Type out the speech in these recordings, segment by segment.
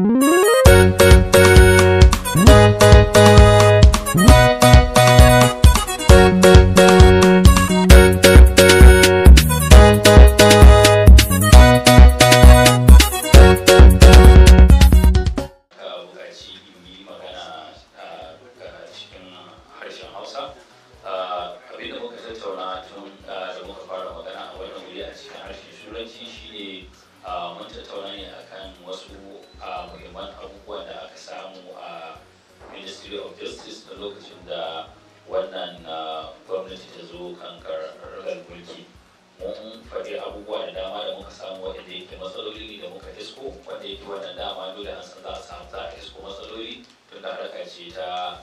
Música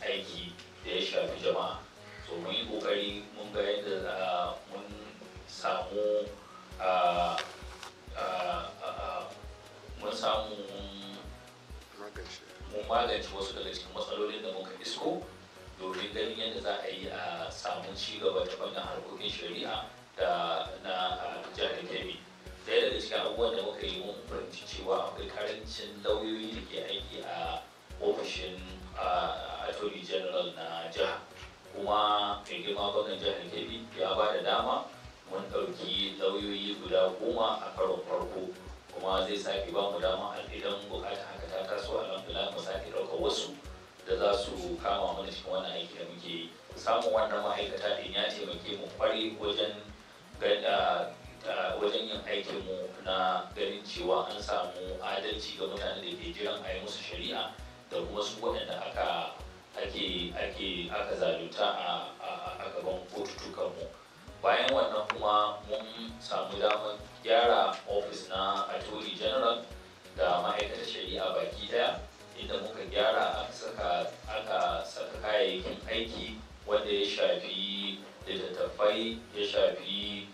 aiki da ya shafi jama'a so mun yi kokari mun ga yadda mun samu mun samu mun magance wasu daga cikin matsalolin da muka isko domin ganin yadda za a yi a samu cigaba ta fannin harkokin shari'a da na jihar kebbi daya daga cikin abubuwan da muka yi mun fahimci cewa akwai karancin lauyoyi da ke aiki a ofishin attorney general na jiha kuma mai girma jihar kebbi ya ba da dama mun ɗauki lauyoyi guda goma a karon farko kuma zai sake ba mu dama a idan bukata haka ta taso alhamdulillah mu sake ɗaukar wasu da za su kama mana cikin wani aiki da muke yi samun wannan ma'aikata din ya taimake mu kwarai wajen wajen yin aikinmu na ganin cewa an samu adalci ga mutane da ke jiran a yi musu shari'a da kuma su waɗanda aka ake ake aka zalunta a gaban mu, bayan wannan kuma mun samu damar gyara ofis na attorney general da ma'aikatar shari'a baki daya inda muka gyara aka saka kayayyakin aiki wanda ya shafi littattafai ya shafi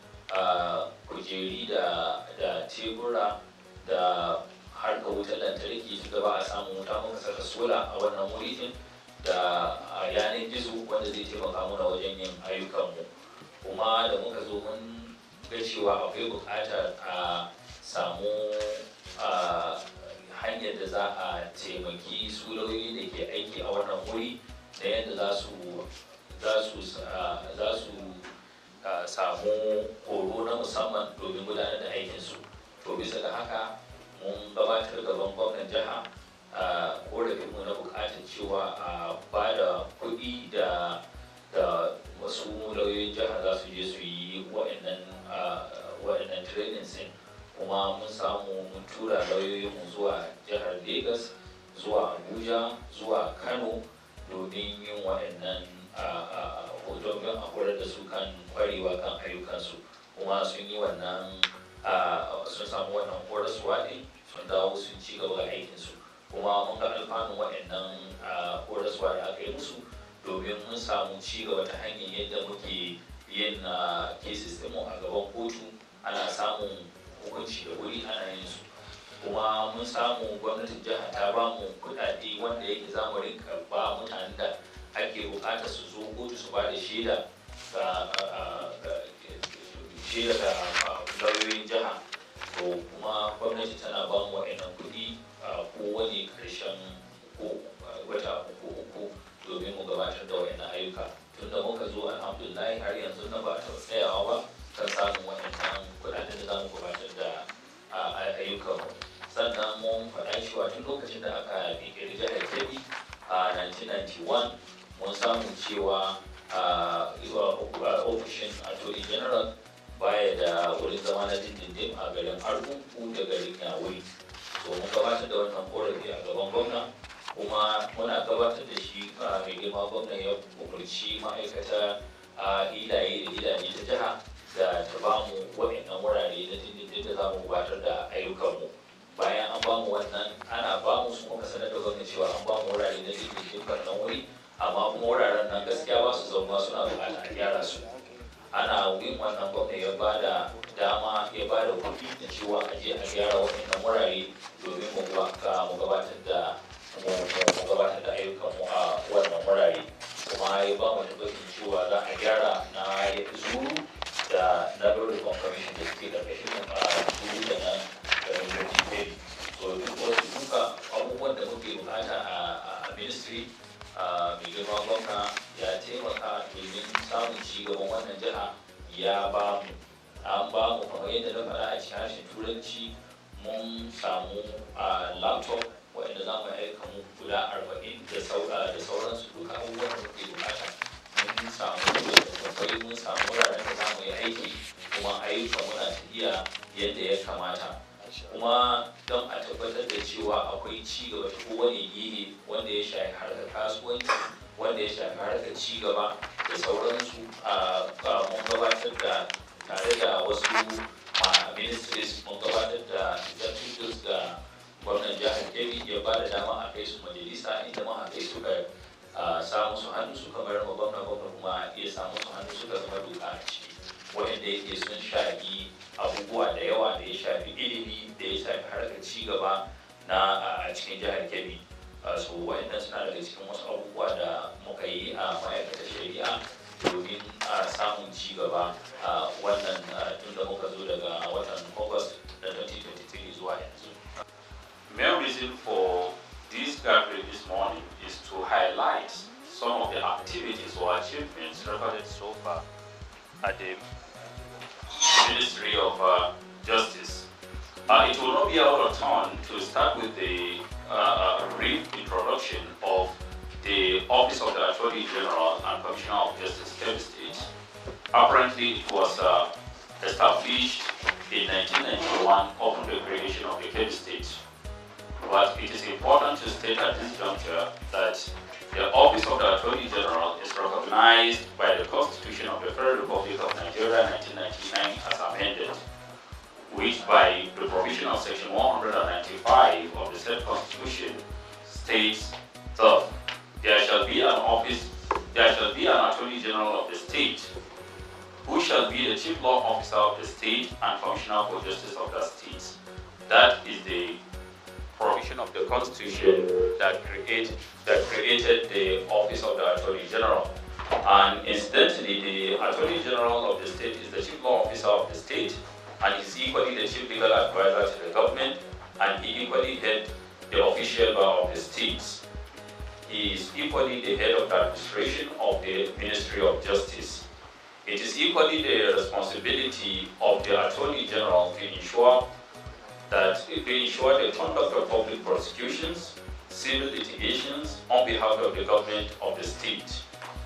kujeri da tebura da harkar wutar lantarki su gaba a samun wuta muka saka sola a wannan wuri din da a yanar gizo wanda zai taimaka mana wajen yin ayyukanmu kuma da muka zo mun ga cewa akwai buƙatar a samu hanyar da za a taimaki su lauyoyi da ke aiki a wannan wuri da yadda za su samu horo na musamman domin gudanar da aikinsu to bisa da haka mun gabatar gaban gwamnan jiha korafinmu na bukatar cewa a ba da kuɗi da da wasu lauyoyin jihar za su je su yi waɗannan trainings din kuma mun samu mun tura lauyoyinmu zuwa jihar lagos zuwa abuja zuwa kano domin yin waɗannan hoton a horar da su kan kwarewa kan ayyukansu kuma sun shida ga lauyoyin jiha to kuma gwamnati tana ba mu wa'annan kuɗi a kowane ƙarshen wata uku uku domin mu gabatar da wa'annan ayyuka tun da muka zo alhamdulillahi har yanzu na ba ta tsayawa ba kan samun wa'annan kuɗaɗen da za mu gabatar da ayyukan sannan mun faɗa cewa tun lokacin da aka miƙe jihar kebbi a 1991 mun samu cewa a ofishin attorney general baya da wurin zama na dindindin a garin argungu da garin yawai to mun gabatar da wannan korafi a gaban gwamna kuma muna gabatar da shi mai girma gwamna ya umarci ma'aikata a ilaye da gidaje ta jiha da ta ba mu waɗannan wurare na dindindin da za mu gabatar da ayyukanmu bayan an ba mu wannan ana ba mu su kuma sanar da gwamna cewa an ba mu wurare na dindindin wannan wuri amma kuma wuraren nan gaskiya ba su zama suna da a gyara su ana yin wannan gwamnati ya bada dama ya bada kuɗi da cewa a je a gyara wannan wurare daga wani gehe wanda ya shafi harkar kasuwanci wanda ya shafi harkar cigaba da sauransu a mun gabatar da tare da wasu ministries mun gabatar da executives da gwamnan jihar kebbi ya ba da dama a kai su majalisa inda ma a kai su ka samu su hannu su kamar ma gwamna gwamna kuma iya samu su hannu su ka zama doka a ciki wanda yake sun shafi abubuwa da yawa da ya shafi ilimi da ya shafi harkar cigaba na a cikin jihar kebbi su wa'annan suna daga cikin wasu abubuwa da muka yi a ma'aikatar shari'a domin a samun ci gaba a wannan tun da muka zo daga watan august na 2023 zuwa yanzu main reason for this gathering this morning is to highlight some of the activities or achievements recorded so far at the ministry of uh, justice uh, it will not be lot of turn to start with a, uh, a uh, brief introduction of the Office of the Attorney General and Commissioner of Justice Kebbi State. Apparently, it was uh, established in 1991 upon the creation of the State. But it is important to state at this juncture that the Office of the Attorney General is recognized by the Constitution of the Federal Republic of Nigeria 1999 as amended which by the provision of section 195 of the state constitution states that there shall be an office, there shall be an attorney general of the state who shall be the chief law officer of the state and functional for justice of the state. That is the provision of the constitution that that created the office of the attorney general. And incidentally, the attorney general of the state is the chief law officer of the state and is equally the chief legal advisor to the government, and he equally head the official bar of the state. He is equally the head of the administration of the Ministry of Justice. It is equally the responsibility of the Attorney General to ensure that to ensure the conduct of public prosecutions, civil litigations on behalf of the government of the state.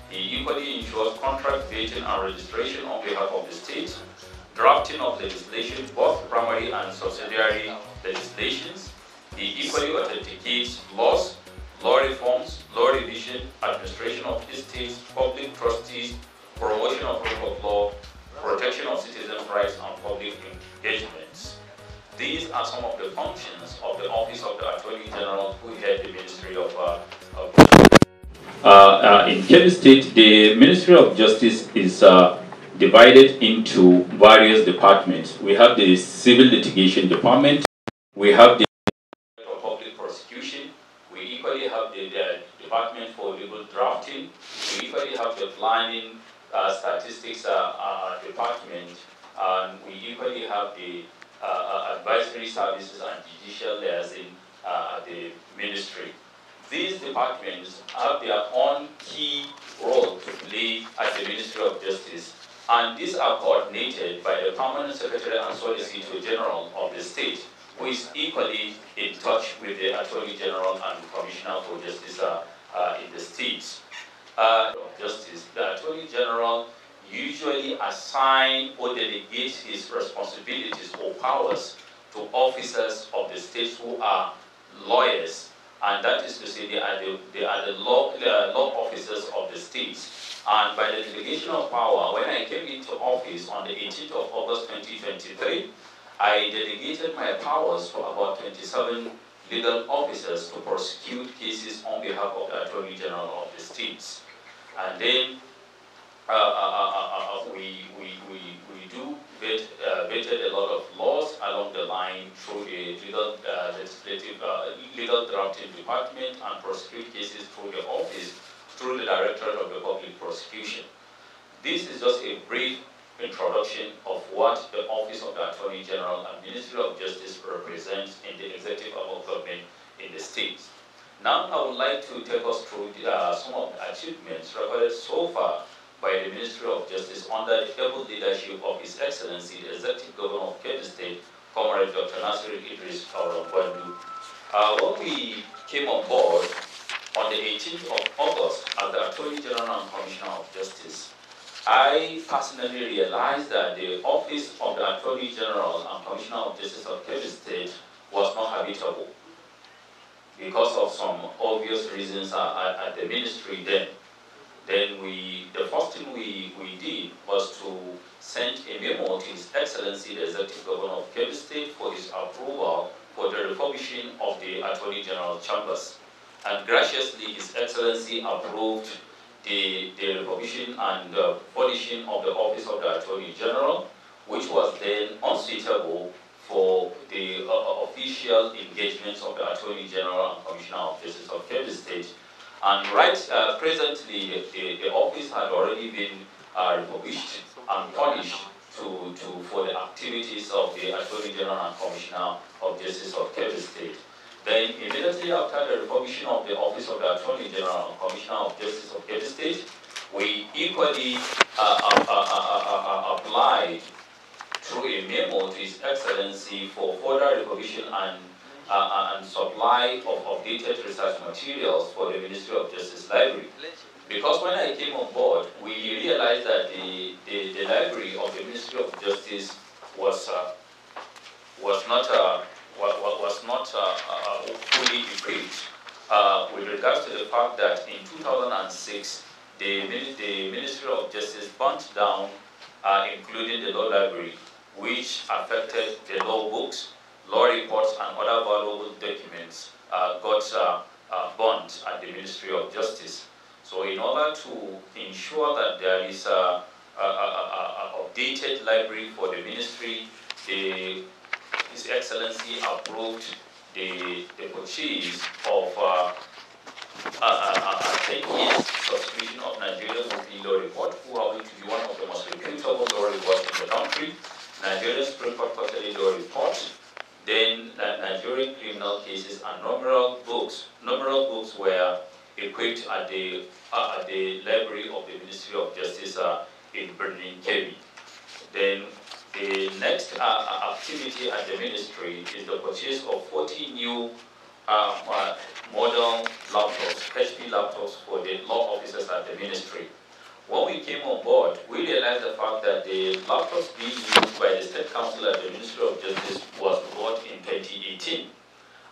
He equally ensures contract dating and registration on behalf of the state drafting of legislation, both primary and subsidiary legislations. of equally authenticates laws, law reforms, law revision, administration of estates, public trustees, promotion of rule of law, protection of citizens' rights and public engagements. These are some of the functions of the Office of the Attorney General who head the Ministry of, uh, of uh, uh, in Kebbi State, the Ministry of Justice is uh, divided into various departments. We have the Civil Litigation Department, we have the Public Prosecution, we equally have the, the Department for Legal Drafting, we equally have the Planning uh, Statistics uh, uh, Department, and we equally have the uh, uh, Advisory Services and Judicial Liaison in uh, the Ministry. These departments have their own key role to play at the Ministry of Justice and these are coordinated by the Permanent Secretary and Solicitor General of the state, who is equally in touch with the Attorney General and Commissioner for Justice uh, uh, in the states. Uh, justice, the Attorney General usually assigns or delegates his responsibilities or powers to officers of the state who are lawyers, and that is to say they are the, they are the law, the uh, law officers of the states and by the delegation of power, when I came into office on the 18th of August 2023, I delegated my powers to about 27 legal officers to prosecute cases on behalf of the Attorney General of the states. And then uh, uh, uh, we, we, we, we do vet, vetted a lot of laws along the line through the legal, legislative, legal drafting department and prosecute cases through the office through the Directorate of the Public Prosecution. This is just a brief introduction of what the Office of the Attorney General and Ministry of Justice represents in the executive of government in the states. Now I would like to take us through the, uh, some of the achievements recorded so far by the Ministry of Justice under the able leadership of His Excellency, the Executive Governor of Kebbi State, Comrade Dr. Nasir Idris Auron uh, When we came on board, on the 18th of August at the Attorney General and Commissioner of Justice. I personally realized that the office of the Attorney General and Commissioner of Justice of Kebbi State was not habitable because of some obvious reasons at, at the ministry then. Then we, the first thing we, we did was to send a memo to His Excellency the Executive Governor of Kebbi State for his approval for the refurbishing of the Attorney General Chambers and graciously His Excellency approved the, the recognition and uh, polishing of the Office of the Attorney General, which was then unsuitable for the uh, uh, official engagements of the Attorney General and Commissioner of Justice of Kebbi State. And right uh, presently, the, the, office had already been uh, and punished to, to, for the activities of the Attorney General and Commissioner of Justice of Kebbi State. Then, immediately after the recognition of the Office of the Attorney General and Commissioner of Justice of Kebbi State, we equally uh uh, uh, uh, uh, applied through a memo to His Excellency for further recognition and uh, and supply of updated research materials for the Ministry of Justice Library. Because when I came on board, we realized that the, the, the library of the Ministry of Justice was, uh, was not uh, was not uh, uh, uh, fully debriefed with regards to the fact that in 2006, the, the Ministry of Justice burnt down, including the law library, which affected the law books, law reports, and other valuable documents got burnt at the Ministry of Justice. So in order to ensure that there is a, a, a, a updated library for the ministry, the his Excellency approved the, the purchase of uh, a, a, a 10 subscription of Nigerian weekly law report, who are going to be one of the most reputable law reports in the country, Nigerian Supreme Court quarterly law report, then Nigerian criminal cases and numerous books. Numerous books were equipped at the, uh, at the library of the Ministry of Justice uh, in Berlin, Kebbi. Then the next uh, uh, activity at the ministry is the purchase of 40 new um, uh, modern laptops, HP laptops for the law officers at the ministry. When we came on board, we realized the fact that the laptops being used by the State Council at the Ministry of Justice was bought in 2018.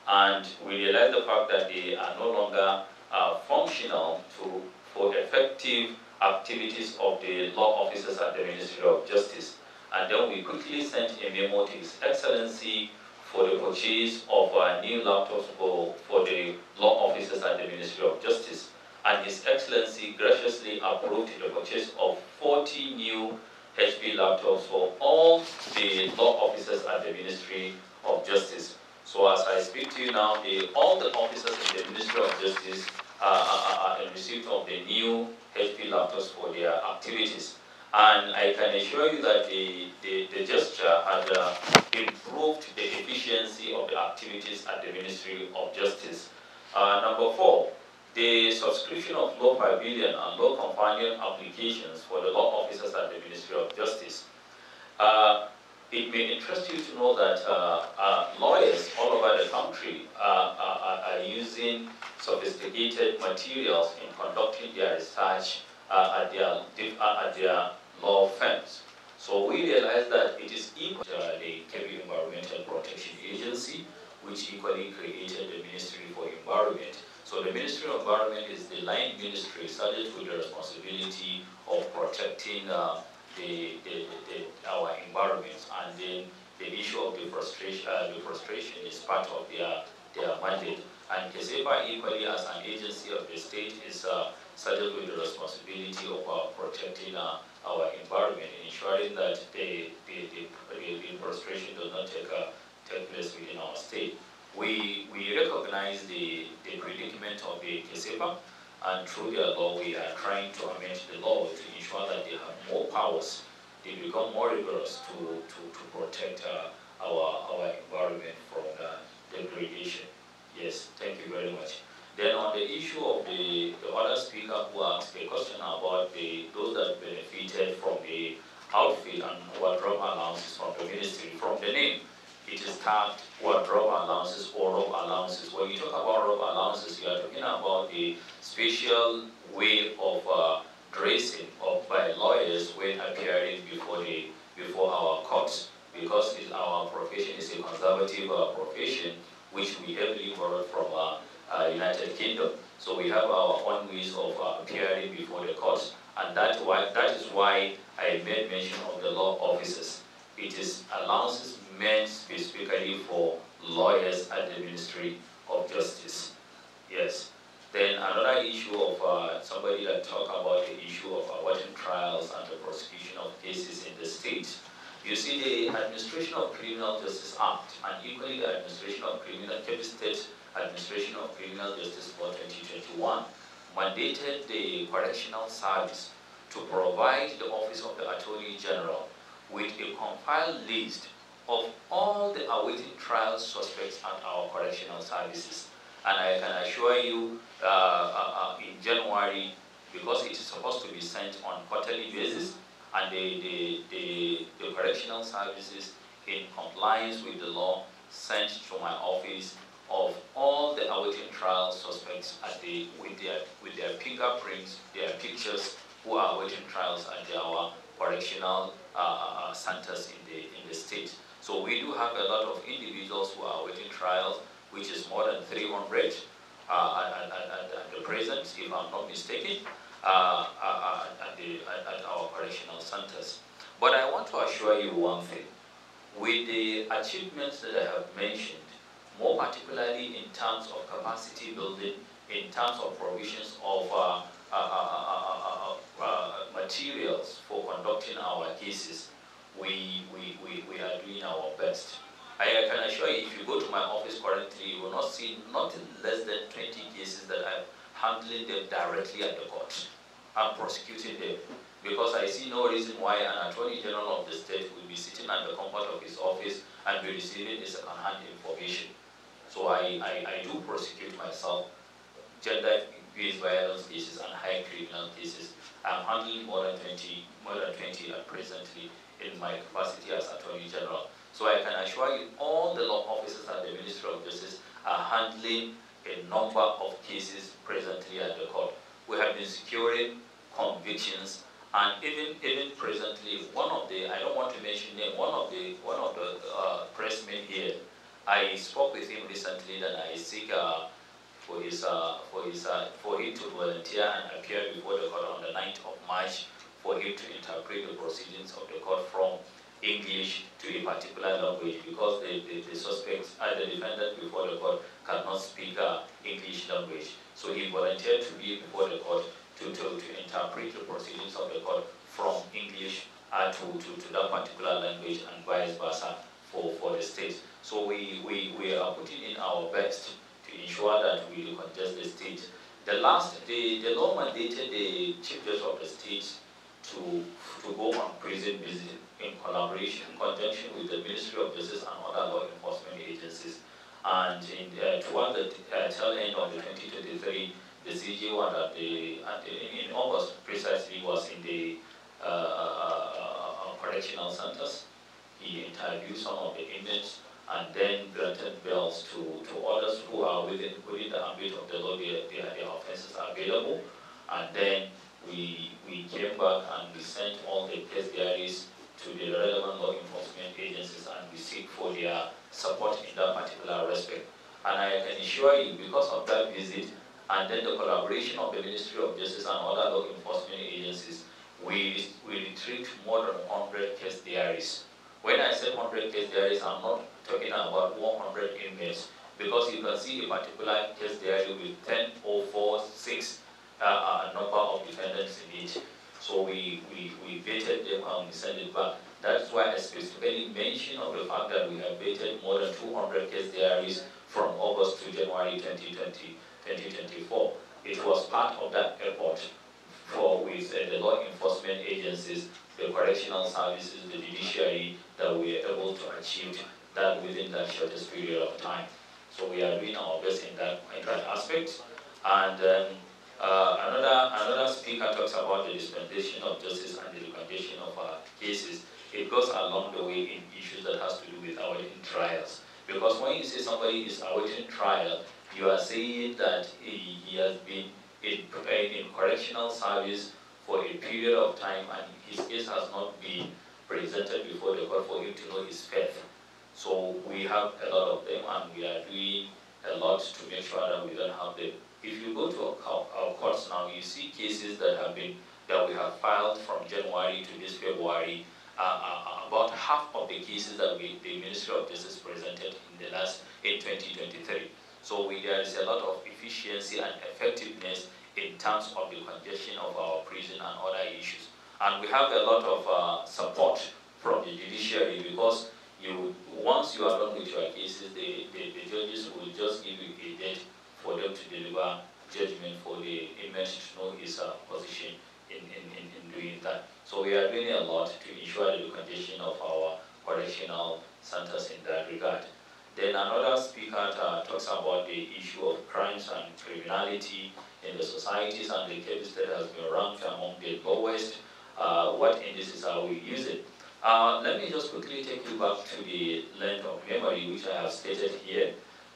And we realized the fact that they are no longer uh, functional to, for effective activities of the law officers at the Ministry of Justice and then we quickly sent a memo to His Excellency for the purchase of a new laptops for, for the law officers at the Ministry of Justice. And His Excellency graciously approved the purchase of 40 new HP laptops for all the law officers at the Ministry of Justice. So as I speak to you now, the, all the officers in the Ministry of Justice are, are, are in receipt of the new HP laptops for their activities. And I can assure you that the, the, the gesture uh, had uh, improved the efficiency of the activities at the Ministry of Justice. Uh, number four, the subscription of law pavilion and law companion applications for the law officers at the Ministry of Justice. Uh, it may interest you to know that uh, uh, lawyers all over the country are, are, are using sophisticated materials in conducting their research uh, at their, at their of firms. So we realized that it is equal to the Environmental Protection Agency, which equally created the Ministry for Environment. So the Ministry of Environment is the line ministry charged with the responsibility of protecting uh, the, the, the, our environment. And then the issue of deforestation, uh, deforestation is part of their, their mandate. And KSEPA equally as an agency of the state is uh, saddled with the responsibility of uh, protecting uh, our environment, ensuring that the, the, the, the does not take, a, uh, take place within our state. We, we recognize the, the predicament of the CEPA, and through their law, we are trying to amend the law to ensure that they have more powers. They become more rigorous to, to, to protect uh, our, our environment. It is what wardrobe allowances or rope allowances. When you talk about rope allowances, you are talking about the special way of uh, dressing up by lawyers when appearing before the before our courts, because our profession is a conservative uh, profession, which we heavily borrowed from uh, uh, United Kingdom. So we have our own ways of uh, appearing before the courts, and that's why that is why I made mention of justice. Yes. Then another issue of uh, somebody that talk about the issue of awarding uh, trials and the prosecution of cases in the state. You see the Administration of Criminal Justice Act and equally the Administration of Criminal, Kebbi State Administration of Criminal Justice for 2021 mandated the Correctional Service to provide the Office of the Attorney General with a compiled list of all the awaiting trial suspects at our correctional services. And I can assure you, uh, uh, uh, in January, because it is supposed to be sent on quarterly basis, and the, the, the, the correctional services, in compliance with the law, sent to my office of all the awaiting trial suspects the, with, their, with their fingerprints, their pictures, who are awaiting trials at our correctional uh, uh, uh centers in the, in the state. So we do have a lot of individuals who are awaiting trials, which is more than 300 uh, at, at, at, the present, if I'm not mistaken, uh, uh, uh at, the, at our correctional centers. But I want to assure you one thing. With the achievements that I have mentioned, more particularly in terms of capacity building, in terms of provisions of uh, uh, uh, uh materials for conducting our cases, we, we, we, we are doing our best. I, I can assure you, if you go to my office currently, you will not see nothing less than 20 cases that I'm handling them directly at the court. I'm prosecuting them because I see no reason why an Attorney General of the state will be sitting at the comfort of his office and be receiving this second-hand information. So I, I, I do prosecute myself gender based violence cases and high criminal cases. I'm handling more than 20, more than 20 at presently in my capacity as Attorney General. So I can assure you all the law officers at the Ministry of Justice are handling a number of cases presently at the court. We have been securing convictions and even even presently one of the I don't want to mention name one of the one of the uh, pressmen here I spoke with him recently that I seek uh, for his uh, for his uh, for him to volunteer and appear before the court on the 9th of March for him to interpret the proceedings of the court from English to a particular language because the, the, the suspect, the defendant before the court cannot speak uh, English language. So he volunteered to be before the court to, to, to interpret the proceedings of the court from English uh, to, to, to that particular language and vice versa for, for the state. So we, we, we are putting in our best to ensure that we contest the state. The last, the, the law mandated the chief judge of the state to go on prison visit in collaboration, in conjunction with the Ministry of Justice and other law enforcement agencies. And in, uh, the uh, tail end of the 2023, the CJ one at the, at the, in August precisely, was in the uh, uh, uh, uh, correctional centers. He interviewed some of the inmates and then granted bails to, to others who are within, within the ambit of the law, their, their offenses are available. And then we, we came back and we sent all the case diaries to the relevant law enforcement agencies and we seek for their support in that particular respect. And I can assure you, because of that visit, and then the collaboration of the Ministry of Justice and other law enforcement agencies, we, we retrieved more than 100 case diaries. When I say 100 case diaries, I'm not talking about 100 inmates because you can see a particular case diary with 10 4, 6, uh, a number of defendants in it. So we, we, we vetted them and we sent it back. That's why I specifically mention of the fact that we have vetted more than 200 case diaries from August to January 2020, 2024. It was part of that effort for with uh, the law enforcement agencies, the correctional services, the judiciary that we are able to achieve that within that shortest period of time. So we are doing our best in that, in that aspect. And um, uh, another, another speaker talks about the dispensation of justice and the recommendation of cases. It goes along the way in issues that has to do with awaiting trials. Because when you say somebody is awaiting trial, you are saying that he, he has been in, in correctional service for a period of time and his case has not been presented before the court for him to know his faith. So we have a lot of them and we are doing a lot to make sure that we don't have them. If you go to our, our courts now, you see cases that have been that we have filed from January to this February. Uh, uh, uh about half of the cases that we, the Ministry of Justice presented in the last in 2023. So we, there is a lot of efficiency and effectiveness in terms of the congestion of our prison and other issues. And we have a lot of uh, support from the judiciary because you once you are done with your cases, the, the, the judges will just give you a date for them to deliver judgment for the inmate to know his uh, position in, in, in, in, doing that. So we are doing a lot to ensure the documentation of our correctional centers in that regard. Then another speaker uh, talks about the issue of crimes and criminality in the societies and the Cape that has been ranked among the lowest. Uh, what indices are we using? Uh, let me just quickly take you back to the land of memory, which I have stated here,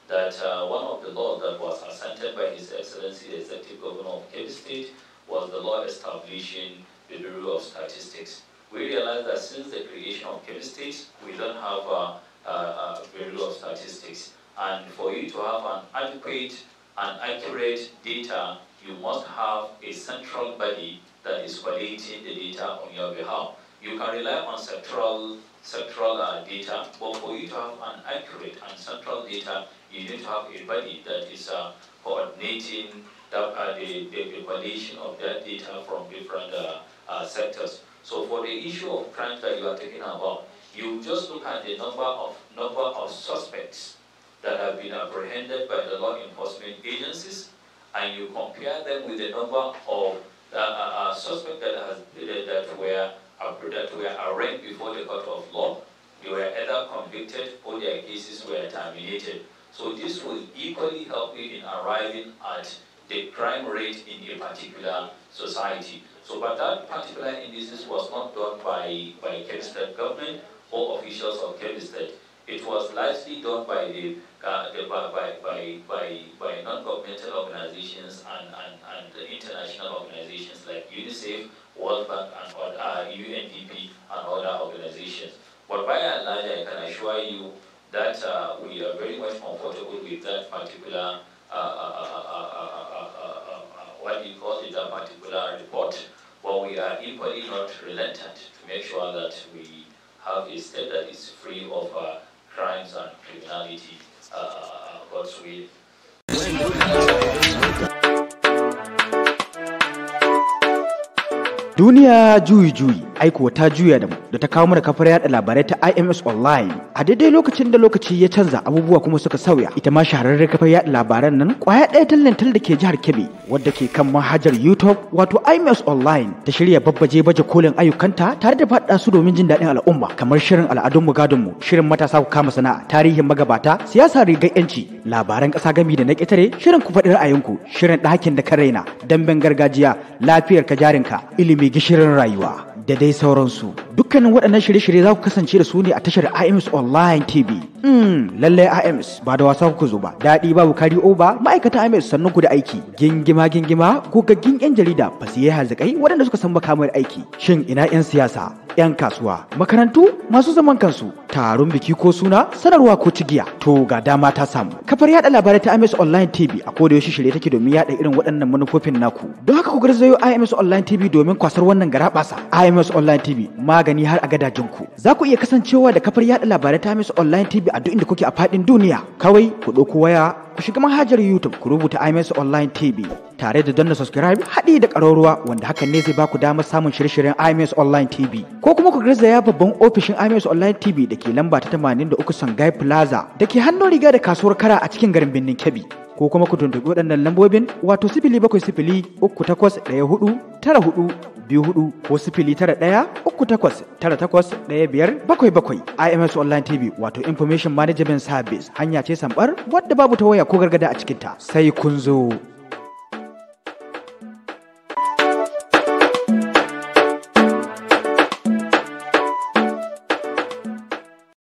that uh, one of the laws that was assented by His Excellency the Executive Governor of Cape State was the law establishing the Bureau of Statistics. We realized that since the creation of Cape State, we don't have a, a, a Bureau of Statistics. And for you to have an adequate and accurate data, you must have a central body that is collating the data on your behalf. You can rely on central, central uh, data, but for you to have an accurate and central data, you need to have a body that is uh, coordinating that, uh, the, the, coalition of that data from different uh, uh, sectors. So for the issue of crime that you are talking about, you just look at the number of number of suspects that have been apprehended by the law enforcement agencies, and you compare them with the number of uh, uh, uh suspects that, has, that were that were arraigned before the court of law, they were either convicted or their cases were terminated. So this will equally help you in arriving at the crime rate in a particular society. So but that particular indices was not done by, by Kent State government or officials of Kent State. It was largely done by the, uh, the by, by, by, by non-governmental organizations and, and, and international organizations. UNICEF, World Bank, and other, UNDP, and other organizations. But by and large, I can assure you that uh, we are very much comfortable with that particular, uh, uh, what you call it, that particular report, but we are equally not relentant to make sure that we have a state that is free of crimes and criminality. God's will. Duniya juyi juyi. aiko ta juya da mu da ta kawo mana kafar yada labarai ta IMS online a daidai lokacin da lokaci ya canza abubuwa kuma suka sauya ita ma shahararren kafar yada labaran nan kwaya ɗaya tallantal da ke jihar Kebbi wadda ke kan manhajar YouTube wato IMS online ta shirya babbaje baje kolin ayyukanta tare da faɗa su domin jin daɗin al'umma kamar shirin al'adun mu gadon mu shirin matasa ku kama sana'a tarihin magabata siyasa rigar yanci labaran ƙasa gami da na ƙetare shirin ku faɗi ra'ayinku shirin ɗakin da ka raina damben gargajiya lafiyar ka jarinka ilimi gishirin rayuwa da dai sauransu. Dukkanin waɗannan shirye-shirye za ku kasance da su ne a tashar IMS Online TV. Mm, lallai IMS ba da wasa kuka zo ba. Daɗi babu kari ba. ma'aikatan IMS sannan ku da aiki. Gingima gingima ko gaggin 'yan jarida ba su yi hazikai waɗanda suka san makamar aiki. Shin ina 'yan siyasa? 'yan kasuwa, makarantu masu zaman kansu, taron biki ko suna, sanarwa ko cigiya, to ga dama ta samu. Kafar yada labarai ta IMS Online TV a da yaushe shirye take domin yada irin waɗannan manufofin naku. Don haka ku garzayo IMS Online TV domin kwasar wannan garaɓasa. IMS Online TV magani har a gadajen ku. Za ku iya kasancewa da kafar yada labarai ta Times Online TV a duk inda kuke a faɗin duniya. Kawai ku ɗauko waya ku shiga manhajar YouTube ku rubuta IMS Online TV tare da danna subscribe haɗi da ƙararruwa wanda hakan ne zai ba ku damar samun shirye-shiryen IMS Online TV ko kuma ku garzaya babban ofishin IMS Online TV da ke lamba ta 83 Sangai Plaza da ke hannun riga da kasuwar kara a cikin garin birnin Kebbi. ko kuma ku tuntuɓi waɗannan lambobin wato sifili bakwai sifili uku takwas ɗaya hudu tara hudu biyu hudu ko sifili tara ɗaya uku takwas tara takwas ɗaya biyar bakwai bakwai IMS Online TV wato Information Management Service hanya ce sambar wadda babu ta waya ko gargada a cikinta sai kun zo.